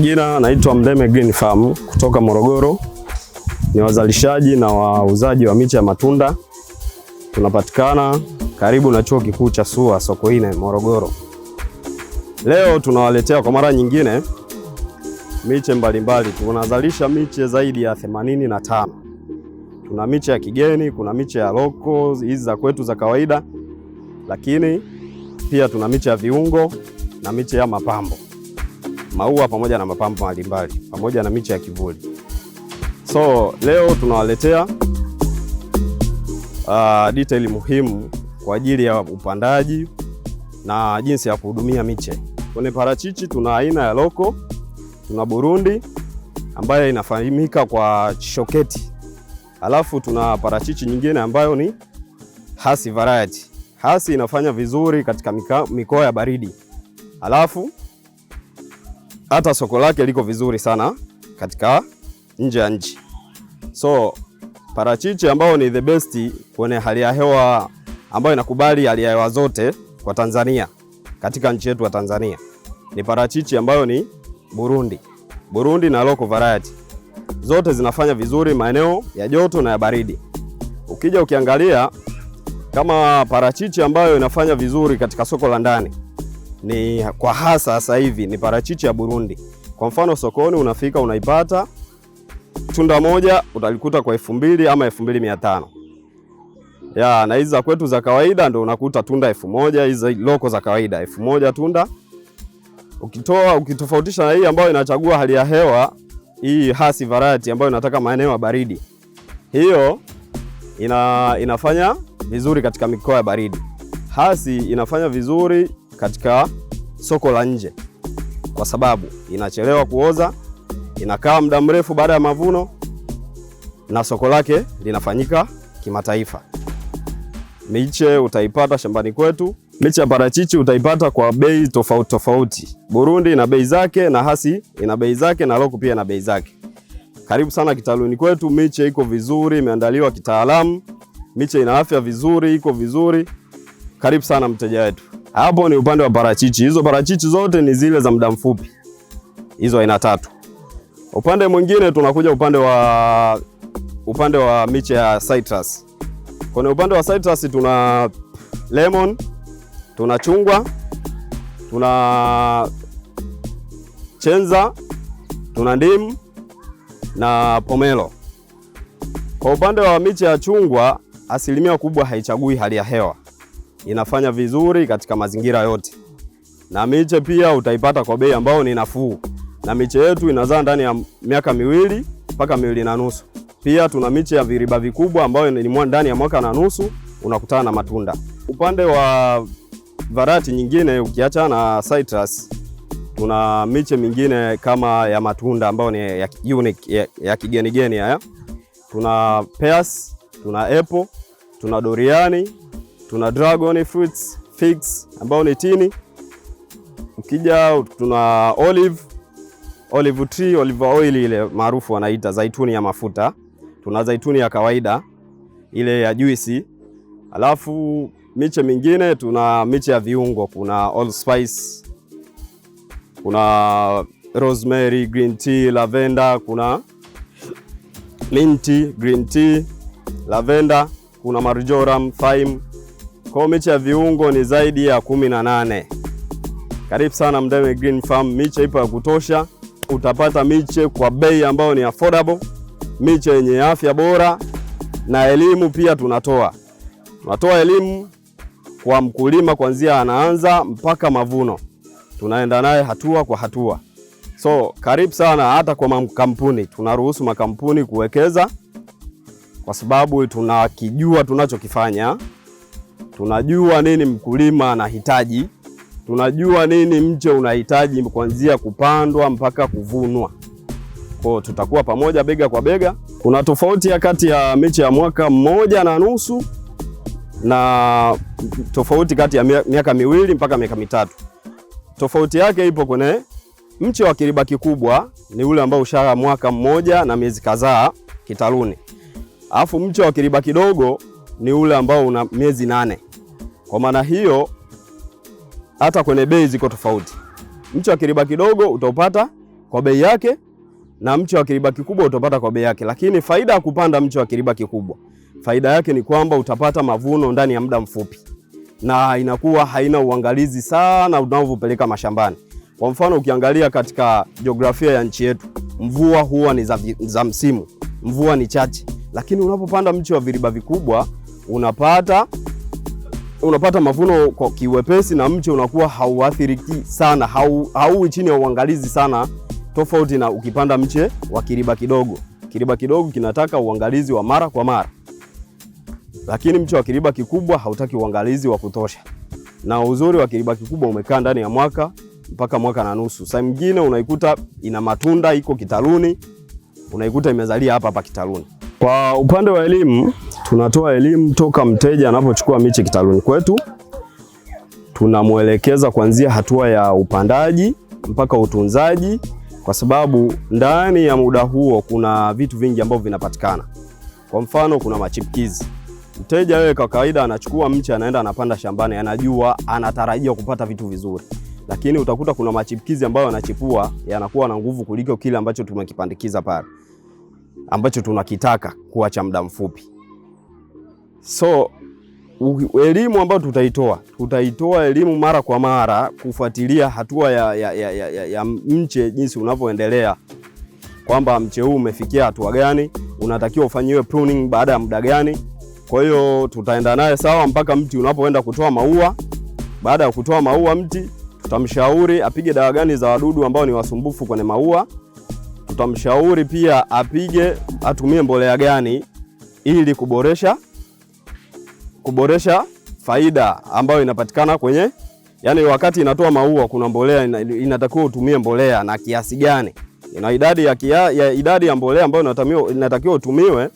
jina naitwa Mdeme Green Farm kutoka Morogoro, ni wazalishaji na wauzaji wa miche ya matunda. Tunapatikana karibu na chuo kikuu cha SUA Sokoine, Morogoro. Leo tunawaletea kwa mara nyingine miche mbalimbali. Tunazalisha miche zaidi ya themanini na tano. tuna miche ya kigeni, kuna miche ya loko hizi za kwetu za kawaida, lakini pia tuna miche ya viungo na miche ya mapambo, maua pamoja na mapambo mbalimbali, pamoja na miche ya kivuli. So leo tunawaletea uh, detail muhimu kwa ajili ya upandaji na jinsi ya kuhudumia miche. Kwenye parachichi tuna aina ya loko, tuna Burundi ambayo inafahamika kwa chishoketi, alafu tuna parachichi nyingine ambayo ni hasi variety. Hasi inafanya vizuri katika mikoa ya baridi, alafu hata soko lake liko vizuri sana katika nje ya nchi so Parachichi ambao ni the best kwenye hali ya hewa ambayo inakubali hali ya hewa zote kwa Tanzania, katika nchi yetu ya Tanzania ni parachichi ambayo ni Burundi, Burundi na local variety zote zinafanya vizuri maeneo ya joto na ya baridi. Ukija ukiangalia kama parachichi ambayo inafanya vizuri katika soko la ndani ni kwa hasa sasa hivi ni parachichi ya Burundi. Kwa mfano sokoni unafika unaipata tunda moja utalikuta kwa elfu mbili ama elfu mbili mia tano ya na hizi za kwetu za kawaida ndo unakuta tunda elfu moja hizi loko za kawaida elfu moja tunda ukitoa ukitofautisha na hii ambayo inachagua hali ya hewa hii hasi variety ambayo inataka maeneo ya baridi, hiyo ina, inafanya vizuri katika mikoa ya baridi. Hasi inafanya vizuri katika soko la nje, kwa sababu inachelewa kuoza, inakaa muda mrefu baada ya mavuno na soko lake linafanyika kimataifa. Miche utaipata shambani kwetu. Miche ya parachichi utaipata kwa bei tofauti tofauti. Burundi ina bei zake na hasi ina bei zake na loku pia ina bei zake. Karibu sana kitaluni kwetu. Miche iko vizuri, imeandaliwa kitaalamu, miche ina afya vizuri, iko vizuri. Karibu sana mteja wetu. Hapo ni upande wa parachichi. Hizo parachichi zote ni zile za muda mfupi, hizo aina tatu. Upande mwingine tunakuja upande wa upande wa miche ya citrus. Kwenye upande wa citrus tuna lemon, tuna chungwa, tuna chenza, tuna ndimu na pomelo. Kwa upande wa miche ya chungwa, asilimia kubwa haichagui hali ya hewa, inafanya vizuri katika mazingira yote, na miche pia utaipata kwa bei ambayo ni nafuu na miche yetu inazaa ndani ya miaka miwili mpaka miwili na nusu. Pia tuna miche ya viriba vikubwa ambayo ni ndani ya mwaka na nusu unakutana na matunda. Upande wa varati nyingine ukiacha na citrus, tuna miche mingine kama ya matunda ambayo ni ya, unique, ya, ya kigenigeni haya. Tuna pears, tuna apple, tuna doriani, tuna dragon fruits, figs ambayo ni tini. Ukija tuna olive olive tree, olive oil ile maarufu wanaita zaituni ya mafuta. Tuna zaituni ya kawaida ile ya juisi, alafu miche mingine tuna miche ya viungo, kuna allspice, kuna rosemary, green tea, lavender, kuna minti, green tea, lavender, kuna marjoram, thyme. Kwa miche ya viungo ni zaidi ya kumi na nane. Karibu sana Mdeme Green Farm, miche ipo ya kutosha utapata miche kwa bei ambayo ni affordable, miche yenye afya bora na elimu pia tunatoa. Tunatoa elimu kwa mkulima kuanzia anaanza mpaka mavuno, tunaenda naye hatua kwa hatua. So karibu sana, hata kwa makampuni tunaruhusu makampuni kuwekeza kwa sababu tunakijua tunachokifanya, tunajua nini mkulima anahitaji tunajua nini mche unahitaji kuanzia kupandwa mpaka kuvunwa. Kwao tutakuwa pamoja bega kwa bega. Kuna tofauti ya kati ya miche ya mwaka mmoja na nusu na tofauti kati ya miaka miwili mpaka miaka mitatu. Tofauti yake ipo kwenye mche wa kiriba kikubwa, ni ule ambao ushaa mwaka mmoja na miezi kadhaa kitaluni, alafu mche wa kiriba kidogo ni ule ambao una miezi nane. Kwa maana hiyo hata kwenye bei ziko tofauti. Mche wa kiriba kidogo utaupata kwa bei yake na mche wa kiriba kikubwa utapata kwa bei yake. Lakini faida ya kupanda mche wa kiriba kikubwa, faida yake ni kwamba utapata mavuno ndani ya muda mfupi, na inakuwa haina uangalizi sana unavyopeleka mashambani. Kwa mfano, ukiangalia katika jiografia ya nchi yetu, mvua huwa ni za, za msimu, mvua ni chache, lakini unapopanda mche wa viriba vikubwa unapata unapata mavuno kwa kiwepesi na mche unakuwa hauathiriki sana, hauwi chini ya uangalizi sana, tofauti na ukipanda mche wa kiriba kidogo. Kiriba kidogo kinataka uangalizi wa mara kwa mara, lakini mche wa kiriba kikubwa hautaki uangalizi wa kutosha. Na uzuri wa kiriba kikubwa umekaa ndani ya mwaka mpaka mwaka na nusu. Saa nyingine unaikuta ina matunda, iko kitaluni, unaikuta imezalia hapa hapa kitaluni. Kwa upande wa elimu tunatoa elimu toka mteja anapochukua miche kitaluni kwetu, tunamwelekeza kuanzia hatua ya upandaji mpaka utunzaji, kwa sababu ndani ya muda huo kuna vitu vingi ambavyo vinapatikana. Kwa mfano, kuna machipkizi. Mteja wewe kwa kawaida anachukua mche anaenda anapanda shambani, anajua anatarajia kupata vitu vizuri, lakini utakuta kuna machipkizi ambayo yanachipua yanakuwa na nguvu kuliko kile ambacho tumekipandikiza pale, ambacho tunakitaka kuwa cha muda mfupi. So elimu ambayo tutaitoa tutaitoa elimu mara kwa mara kufuatilia hatua ya, ya, ya, ya, ya mche jinsi unavyoendelea, kwamba mche huu umefikia hatua gani, unatakiwa ufanyiwe pruning baada ya muda gani. Kwa hiyo tutaenda naye sawa mpaka mti unapoenda kutoa maua. Baada ya kutoa maua, mti tutamshauri apige dawa gani za wadudu ambao ni wasumbufu kwenye maua. Tutamshauri pia apige, atumie mbolea gani ili kuboresha kuboresha faida ambayo inapatikana kwenye yani, wakati inatoa maua kuna mbolea inatakiwa utumie mbolea na kiasi gani na idadi ya, kia, ya, idadi ya mbolea ambayo inatakiwa utumiwe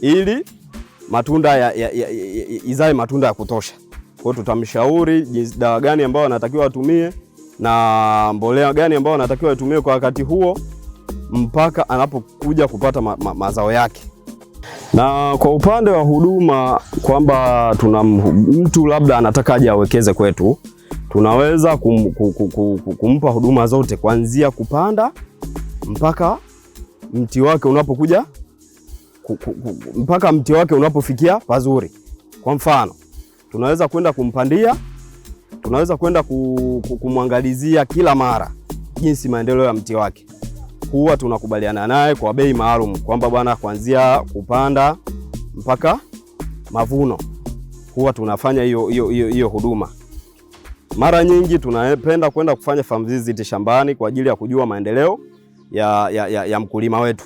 ili matunda ya, ya, ya, ya, izae matunda ya kutosha. Kwa tutamshauri dawa gani ambayo anatakiwa atumie na mbolea gani ambayo anatakiwa atumie kwa wakati huo mpaka anapokuja kupata ma, ma, mazao yake. Na kwa upande wa huduma kwamba tuna mtu labda anataka aje awekeze kwetu, tunaweza kum, kum, kum, kumpa huduma zote kuanzia kupanda mpaka mti wake unapokuja mpaka mti wake unapofikia pazuri. Kwa mfano, tunaweza kwenda kumpandia, tunaweza kwenda kumwangalizia kila mara jinsi maendeleo ya mti wake huwa tunakubaliana naye kwa bei maalum kwamba bwana, kuanzia kupanda mpaka mavuno huwa tunafanya hiyo hiyo hiyo huduma. Mara nyingi tunapenda kwenda kufanya farm visit shambani kwa ajili ya kujua maendeleo ya, ya, ya, ya mkulima wetu.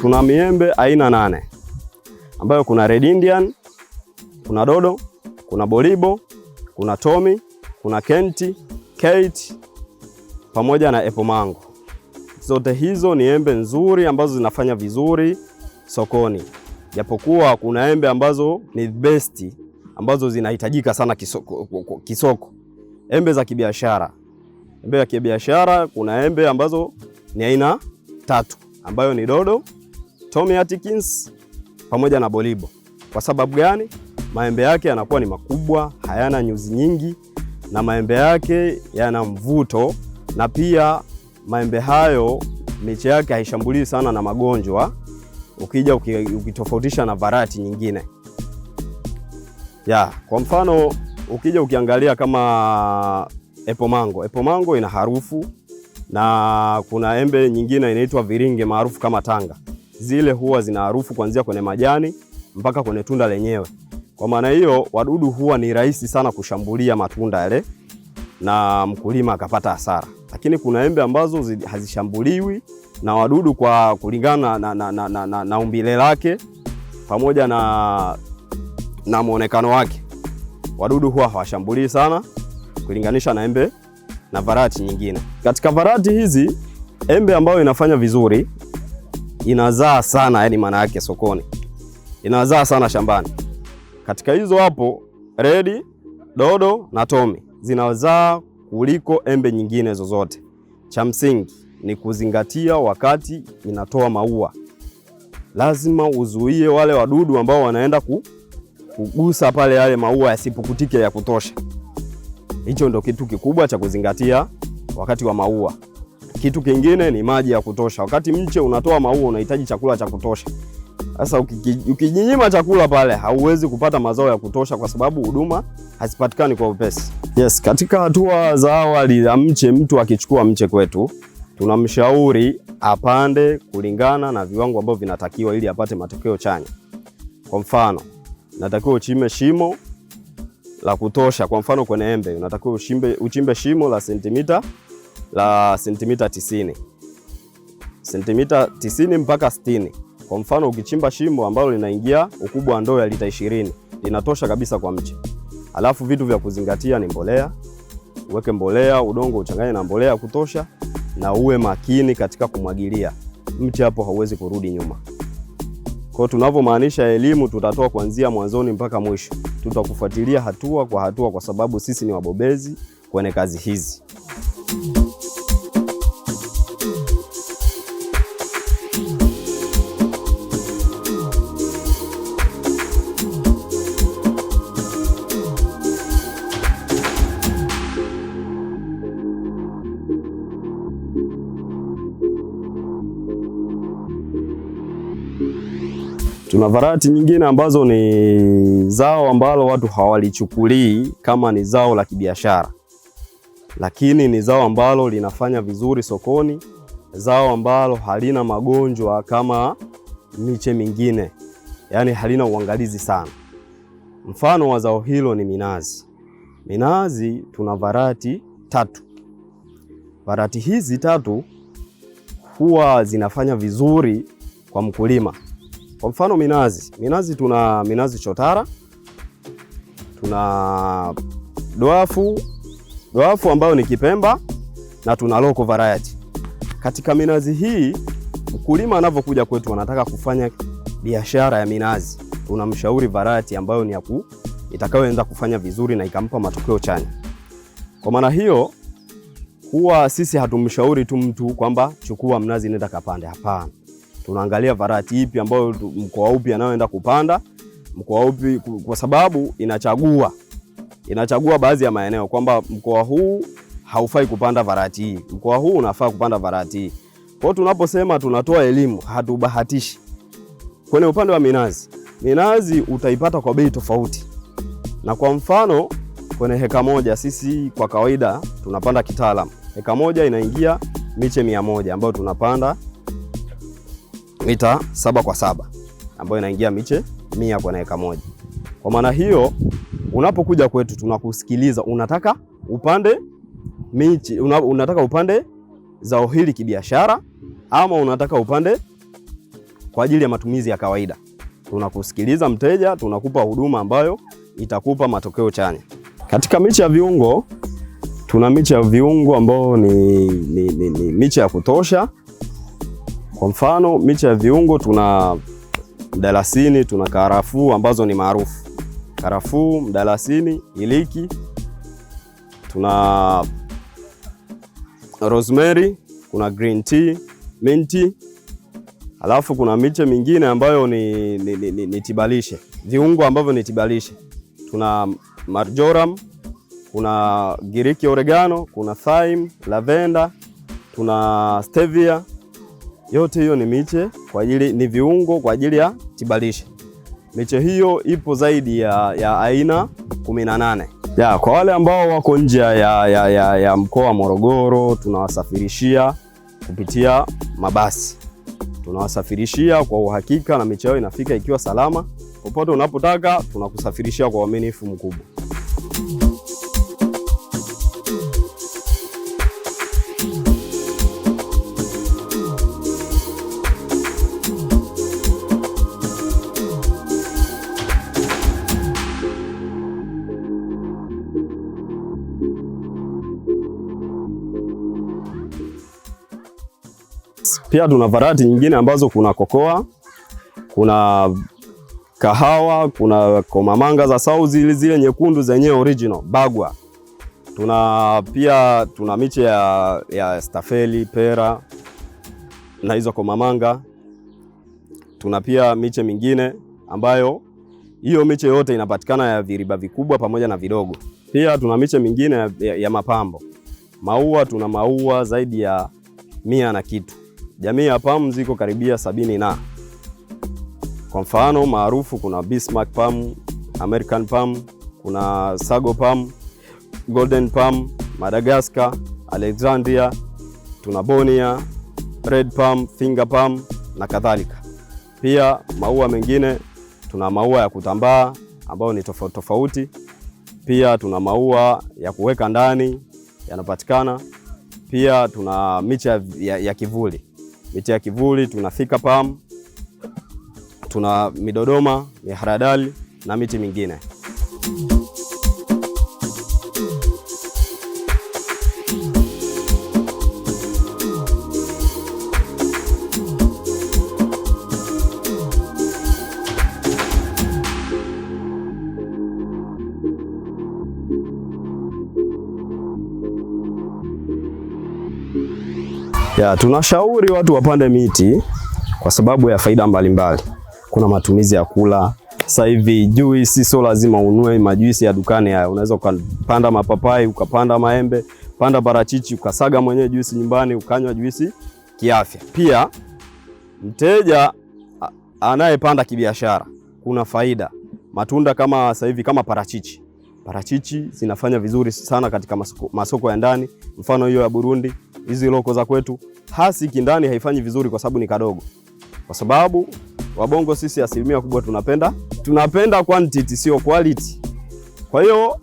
tuna miembe aina nane ambayo kuna Red Indian, kuna Dodo, kuna bolibo kuna Tommy, kuna Kenti, Kate pamoja na Apple Mango. Zote hizo ni embe nzuri ambazo zinafanya vizuri sokoni, japokuwa kuna embe ambazo ni best ambazo zinahitajika sana kisoko, kisoko. Embe za kibiashara, embe ya kibiashara, kuna embe ambazo ni aina tatu ambayo ni Dodo Tommy Atkins pamoja na Bolibo. Kwa sababu gani? Maembe yake yanakuwa ni makubwa, hayana nyuzi nyingi na maembe yake yana mvuto, na pia maembe hayo miche yake haishambulii sana na magonjwa, ukija ukitofautisha na varati nyingine ya. Kwa mfano ukija ukiangalia kama epo mango, epo mango ina harufu na kuna embe nyingine inaitwa viringe maarufu kama Tanga zile huwa zina harufu kuanzia kwenye majani mpaka kwenye tunda lenyewe. Kwa maana hiyo, wadudu huwa ni rahisi sana kushambulia matunda yale na mkulima akapata hasara, lakini kuna embe ambazo hazishambuliwi na wadudu kwa kulingana na, na, na, na, na, na umbile lake pamoja na, na mwonekano wake, wadudu huwa hawashambulii sana kulinganisha na embe na varati nyingine. Katika varati hizi embe ambayo inafanya vizuri inazaa sana, yani maana yake sokoni inazaa sana shambani. Katika hizo hapo redi, dodo na tomi zinazaa kuliko embe nyingine zozote. Cha msingi ni kuzingatia wakati inatoa maua, lazima uzuie wale wadudu ambao wanaenda ku, kugusa pale yale maua yasipukutike ya kutosha. Hicho ndo kitu kikubwa cha kuzingatia wakati wa maua. Kitu kingine ni maji ya kutosha. Wakati mche unatoa maua, unahitaji chakula cha kutosha. Sasa ukijinyima chakula pale, hauwezi kupata mazao ya kutosha, kwa sababu huduma hazipatikani kwa upesi. Yes, katika hatua za awali za mche, mtu akichukua mche kwetu tunamshauri apande kulingana na viwango ambavyo vinatakiwa ili apate matokeo chanya. Kwa mfano, natakiwa uchime shimo la kutosha. Kwa mfano, kwenye embe unatakiwa uchimbe, uchimbe shimo la sentimita la sentimita 90, sentimita 90 mpaka 60. Kwa mfano ukichimba shimo ambalo linaingia ukubwa wa ndoo ya lita 20 linatosha kabisa kwa mche. Alafu vitu vya kuzingatia ni mbolea, uweke mbolea, udongo uchanganye na mbolea kutosha, na uwe makini katika kumwagilia mti, hapo hauwezi kurudi nyuma. Kwa tunavyomaanisha elimu, tutatoa kuanzia mwanzoni mpaka mwisho, tutakufuatilia hatua kwa hatua, kwa sababu sisi ni wabobezi kwenye kazi hizi. Tuna varati nyingine ambazo ni zao ambalo watu hawalichukulii kama ni zao la kibiashara, lakini ni zao ambalo linafanya vizuri sokoni, zao ambalo halina magonjwa kama miche mingine, yaani halina uangalizi sana. Mfano wa zao hilo ni minazi. Minazi tuna varati tatu. Varati hizi tatu huwa zinafanya vizuri kwa mkulima. Kwa mfano minazi, minazi tuna minazi chotara, tuna doafu, dwafu ambayo ni Kipemba na tuna local variety. Katika minazi hii mkulima anavyokuja kwetu anataka kufanya biashara ya minazi, tunamshauri variety ambayo ni yaku itakayoenza kufanya vizuri na ikampa matokeo chanya. Kwa maana hiyo, huwa sisi hatumshauri tu mtu kwamba chukua mnazi nenda kapande. Hapana, tunaangalia varati ipi ambayo mkoa upi anaoenda kupanda mkoa upi, kwa sababu inachagua inachagua baadhi ya maeneo kwamba mkoa huu haufai kupanda varati hii, mkoa huu unafaa kupanda varati hii. Kwa tunaposema tunatoa elimu, hatubahatishi. Kwenye upande wa minazi, minazi utaipata kwa bei tofauti, na kwa mfano kwenye heka moja, sisi kwa kawaida tunapanda kitaalamu, heka moja inaingia miche mia moja ambayo tunapanda mita saba kwa saba ambayo inaingia miche mia kwa eka moja. Kwa maana hiyo unapokuja kwetu tunakusikiliza, unataka upande miche unataka upande zao hili kibiashara ama unataka upande kwa ajili ya matumizi ya kawaida. Tunakusikiliza mteja, tunakupa huduma ambayo itakupa matokeo chanya. Katika miche ya viungo tuna miche ya viungo ambayo ni, ni, ni, ni miche ya kutosha kwa mfano miche ya viungo tuna mdalasini, tuna karafuu ambazo ni maarufu, karafuu, mdalasini, iliki, tuna rosemary, kuna green tea, minti, alafu kuna miche mingine ambayo ni, ni, ni, ni tibalishe, viungo ambavyo ni tibalishe, tuna marjoram, kuna giriki oregano, kuna thyme, lavenda, tuna stevia yote hiyo ni miche kwa ajili, ni viungo kwa ajili ya tibalishe. Miche hiyo ipo zaidi ya, ya aina 18. Ya, kwa wale ambao wako nje ya, ya, ya, ya mkoa wa Morogoro tunawasafirishia kupitia mabasi, tunawasafirishia kwa uhakika na miche yao inafika ikiwa salama. Popote unapotaka tunakusafirishia kwa uaminifu mkubwa. Pia tuna varati nyingine ambazo kuna kokoa, kuna kahawa, kuna komamanga za sauzi zile zile nyekundu zenye original bagwa. Tuna pia tuna miche ya, ya stafeli, pera na hizo komamanga. Tuna pia miche mingine ambayo hiyo miche yote inapatikana ya viriba vikubwa pamoja na vidogo. Pia tuna miche mingine ya, ya mapambo maua. Tuna maua zaidi ya mia na kitu jamii ya pam ziko karibia sabini na kwa mfano maarufu kuna Bismarck pam, American pam, kuna Sago pam, Golden pam Madagascar, Alexandria, tuna Bonia, Red pam, Finger pam na kadhalika. Pia maua mengine tuna maua ya kutambaa ambayo ni tofauti tofauti. Pia tuna maua ya kuweka ndani yanapatikana. Pia tuna miche ya, ya kivuli miti ya kivuli, tuna thika palm, tuna midodoma, miharadali na miti mingine. Ya, tunashauri watu wapande miti kwa sababu ya faida mbalimbali mbali. Kuna matumizi ya kula sasa hivi juisi, sio lazima unue majuisi ya dukani haya. Unaweza ukapanda mapapai, ukapanda maembe, panda parachichi, ukasaga mwenyewe juisi nyumbani, ukanywa juisi kiafya. Pia mteja anayepanda kibiashara kuna faida. Matunda kama sasa hivi kama parachichi Parachichi zinafanya vizuri sana katika masoko, masoko ya ndani, mfano hiyo ya Burundi. Hizi loko za kwetu hasi kindani haifanyi vizuri kwa sababu ni kadogo, kwa sababu wabongo sisi asilimia kubwa tunapenda tunapenda quantity, sio quality. Kwa hiyo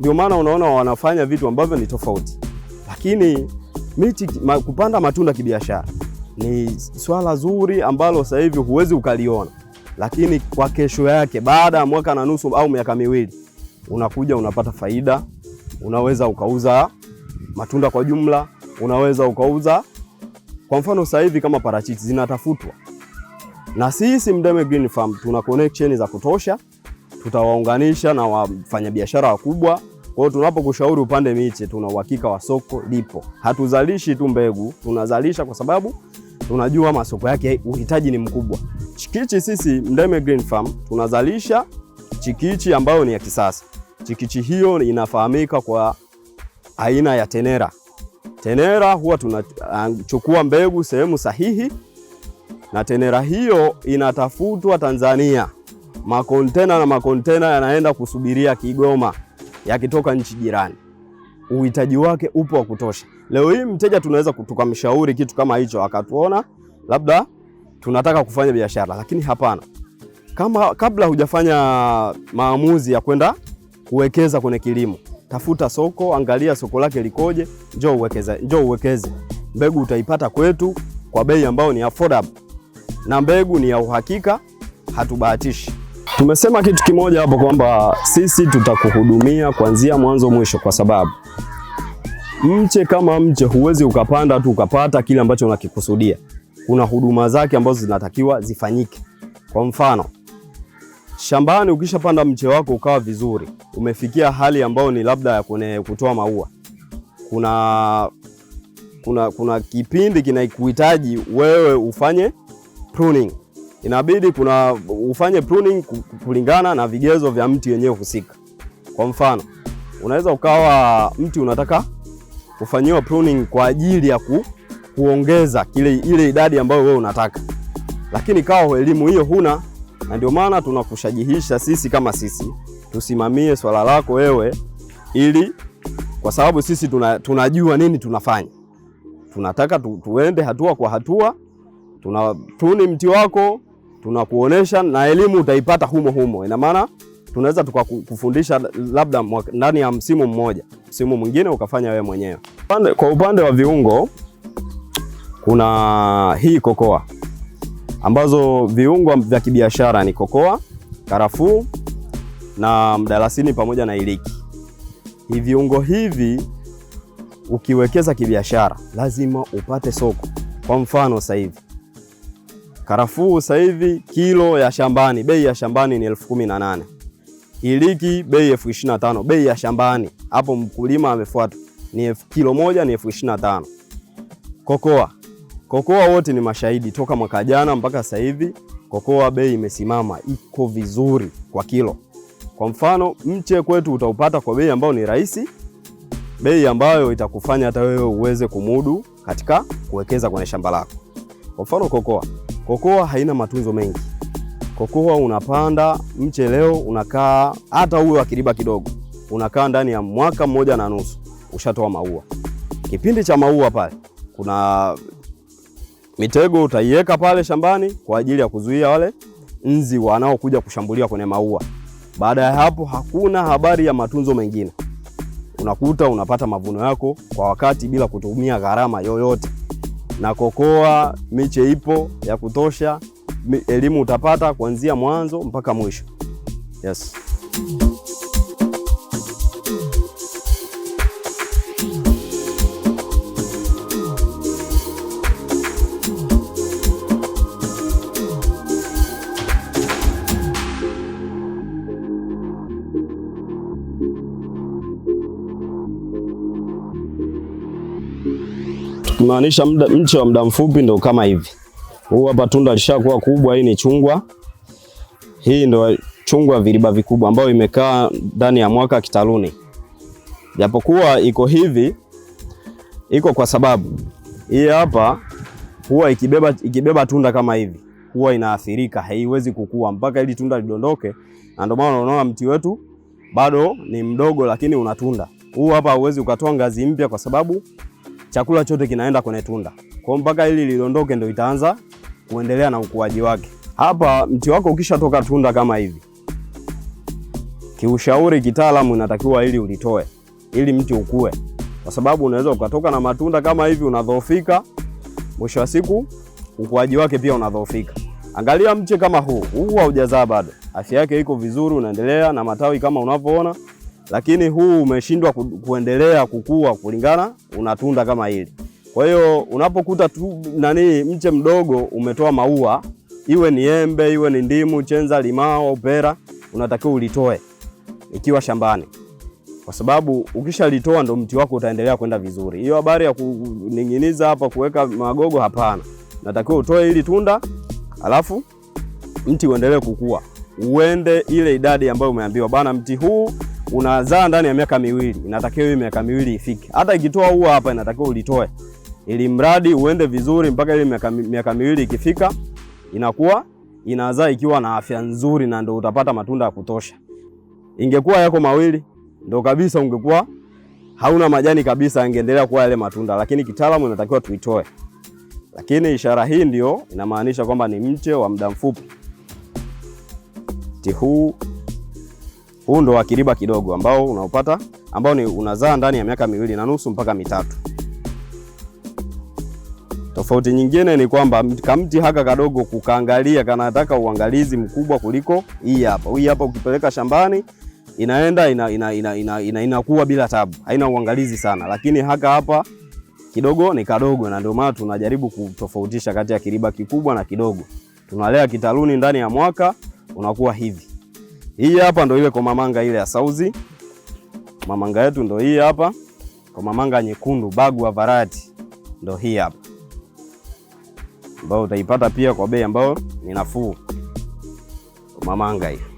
ndio maana unaona wanafanya vitu ambavyo ni tofauti, lakini miti ma, kupanda matunda kibiashara ni swala zuri ambalo sasa hivi huwezi ukaliona, lakini kwa kesho yake baada ya mwaka na nusu au miaka miwili unakuja unapata faida. Unaweza ukauza matunda kwa jumla, unaweza ukauza kwa mfano sasa hivi kama parachichi zinatafutwa, na sisi Mdeme Green Farm tuna connection za kutosha, tutawaunganisha na wafanyabiashara wakubwa. Kwa hiyo tunapokushauri upande miche, tuna uhakika wa soko lipo. Hatuzalishi tu mbegu, tunazalisha kwa sababu tunajua masoko yake, uhitaji ni mkubwa. Chikichi sisi Mdeme Green Farm tunazalisha chikichi ambayo ni ya kisasa. Chikichi hiyo inafahamika kwa aina ya tenera. Tenera huwa tunachukua mbegu sehemu sahihi, na tenera hiyo inatafutwa Tanzania. Makontena na makontena yanaenda kusubiria Kigoma yakitoka nchi jirani. Uhitaji wake upo wa kutosha. Leo hii mteja tunaweza tukamshauri kitu kama hicho, akatuona labda tunataka kufanya biashara, lakini hapana. Kama kabla hujafanya maamuzi ya kwenda kuwekeza kwenye kilimo. Tafuta soko, angalia soko lake likoje, njoo uwekeze, njoo uwekeze. Mbegu utaipata kwetu kwa bei ambayo ni affordable, na mbegu ni ya uhakika, hatubahatishi. Tumesema kitu kimoja hapo kwamba sisi tutakuhudumia kuanzia mwanzo mwisho, kwa sababu mche kama mche huwezi ukapanda tu ukapata kile ambacho unakikusudia. Kuna huduma zake ambazo zinatakiwa zifanyike. Kwa mfano Shambani ukishapanda mche wako ukawa vizuri, umefikia hali ambayo ni labda ya kutoa maua, kuna kuna kuna kipindi kinakuhitaji wewe ufanye pruning. Inabidi kuna ufanye pruning kulingana na vigezo vya mti wenyewe husika. Kwa mfano, unaweza ukawa mti unataka ufanyiwa pruning kwa ajili ya ku, kuongeza kile ile idadi ambayo wewe unataka, lakini kawa elimu hiyo huna na ndio maana tunakushajihisha sisi kama sisi tusimamie swala lako wewe, ili kwa sababu sisi tuna, tunajua nini tunafanya. Tunataka tu, tuende hatua kwa hatua, tunatuni mti wako tunakuonesha, na elimu utaipata humo humo. Ina maana tunaweza tukakufundisha labda ndani ya msimu mmoja, msimu mwingine ukafanya wewe mwenyewe. Kwa upande wa viungo, kuna hii kokoa ambazo viungo vya kibiashara ni kokoa, karafuu na mdalasini pamoja na iliki. Hivi viungo hivi ukiwekeza kibiashara lazima upate soko. Kwa mfano sasa hivi karafuu sasa hivi kilo ya shambani, bei ya shambani ni elfu kumi na nane. Iliki bei elfu ishirini na tano, bei ya shambani hapo mkulima amefuata ni kilo moja ni elfu ishirini na tano. Kokoa Kokoa wote ni mashahidi, toka mwaka jana mpaka sasa hivi kokoa bei imesimama, iko vizuri kwa kilo. Kwa mfano mche kwetu utaupata kwa bei ambayo ni rahisi, bei ambayo itakufanya hata wewe uweze kumudu katika kuwekeza kwenye shamba lako. Kwa mfano kokoa, kokoa haina matunzo mengi. Kokoa unapanda mche leo, unakaa hata huyo akiriba kidogo, unakaa ndani ya mwaka mmoja na nusu ushatoa maua. Kipindi cha maua pale kuna Mitego utaiweka pale shambani kwa ajili ya kuzuia wale nzi wanaokuja kushambulia kwenye maua. Baada ya hapo, hakuna habari ya matunzo mengine. Unakuta unapata mavuno yako kwa wakati bila kutumia gharama yoyote. Na kokoa miche ipo ya kutosha, elimu utapata kuanzia mwanzo mpaka mwisho. Yes. Nikimaanisha mche wa muda mfupi ndo kama hivi. Huu hapa tunda lishakuwa kubwa, hii ni chungwa. Hii ndo chungwa viriba vikubwa ambayo imekaa ndani ya mwaka kitaluni. Japokuwa iko hivi, iko kwa sababu hii hapa huwa ikibeba, ikibeba tunda kama hivi huwa inaathirika, haiwezi kukua mpaka ili tunda lidondoke, na ndio maana unaona mti wetu bado ni mdogo, lakini unatunda. Huu hapa hauwezi ukatoa ngazi mpya kwa sababu chakula chote kinaenda kwenye tunda, kwa mpaka hili lilondoke ndio itaanza kuendelea na ukuaji wake. Hapa mti wako ukishatoka tunda kama hivi, kiushauri kitaalamu, inatakiwa ili ulitoe ili mti ukue, kwa sababu unaweza ukatoka na matunda kama hivi, unadhoofika. Mwisho wa siku ukuaji wake pia unadhoofika. Angalia mche kama huu, huu haujazaa bado, afya yake iko vizuri, unaendelea na matawi kama unavyoona lakini huu umeshindwa kuendelea kukua kulingana unatunda kama hili. Kwa hiyo unapokuta tu nani mche mdogo umetoa maua, iwe ni embe, iwe ni ndimu, chenza, limao, pera, unatakiwa ulitoe ikiwa shambani, kwa sababu ukishalitoa ndo mti wako utaendelea kwenda vizuri. Hiyo habari ya kuning'iniza hapa kuweka magogo, hapana. Natakiwa utoe ili tunda, alafu mti uendelee kukua, uende ile idadi ambayo umeambiwa bana, mti huu unazaa ndani ya miaka miwili, inatakiwa hiyo miaka miwili ifike. Hata ikitoa ua hapa, inatakiwa ulitoe, ili mradi uende vizuri mpaka ile miaka, miaka miwili ikifika, inakuwa inazaa ikiwa na afya nzuri, na ndio utapata matunda ya kutosha. Ingekuwa yako mawili, ndio kabisa ungekuwa hauna majani kabisa, angeendelea kuwa yale matunda, lakini kitaalamu inatakiwa tuitoe. Lakini ishara hii ndio inamaanisha kwamba ni mche wa muda mfupi. Mti huu huu ndo wakiriba kidogo ambao unaopata ambao ni unazaa ndani ya miaka miwili na nusu mpaka mitatu. Tofauti nyingine ni kwamba kamti haka kadogo kukaangalia kanataka uangalizi mkubwa kuliko hii hapa. Hii hapa ukipeleka shambani inaenda ina, ina, ina, ina, ina, ina bila tabu, haina uangalizi sana, lakini haka hapa kidogo ni kadogo, na ndio maana tunajaribu kutofautisha kati ya kiriba kikubwa na kidogo. Tunalea kitaluni ndani ya mwaka unakuwa hivi. Hii hapa ndo ile komamanga ile ya sauzi. Mamanga yetu ndo hii hapa, komamanga nyekundu wa varati ndo hii hapa, ambayo utaipata pia kwa bei ambayo ni nafuu, komamanga hii.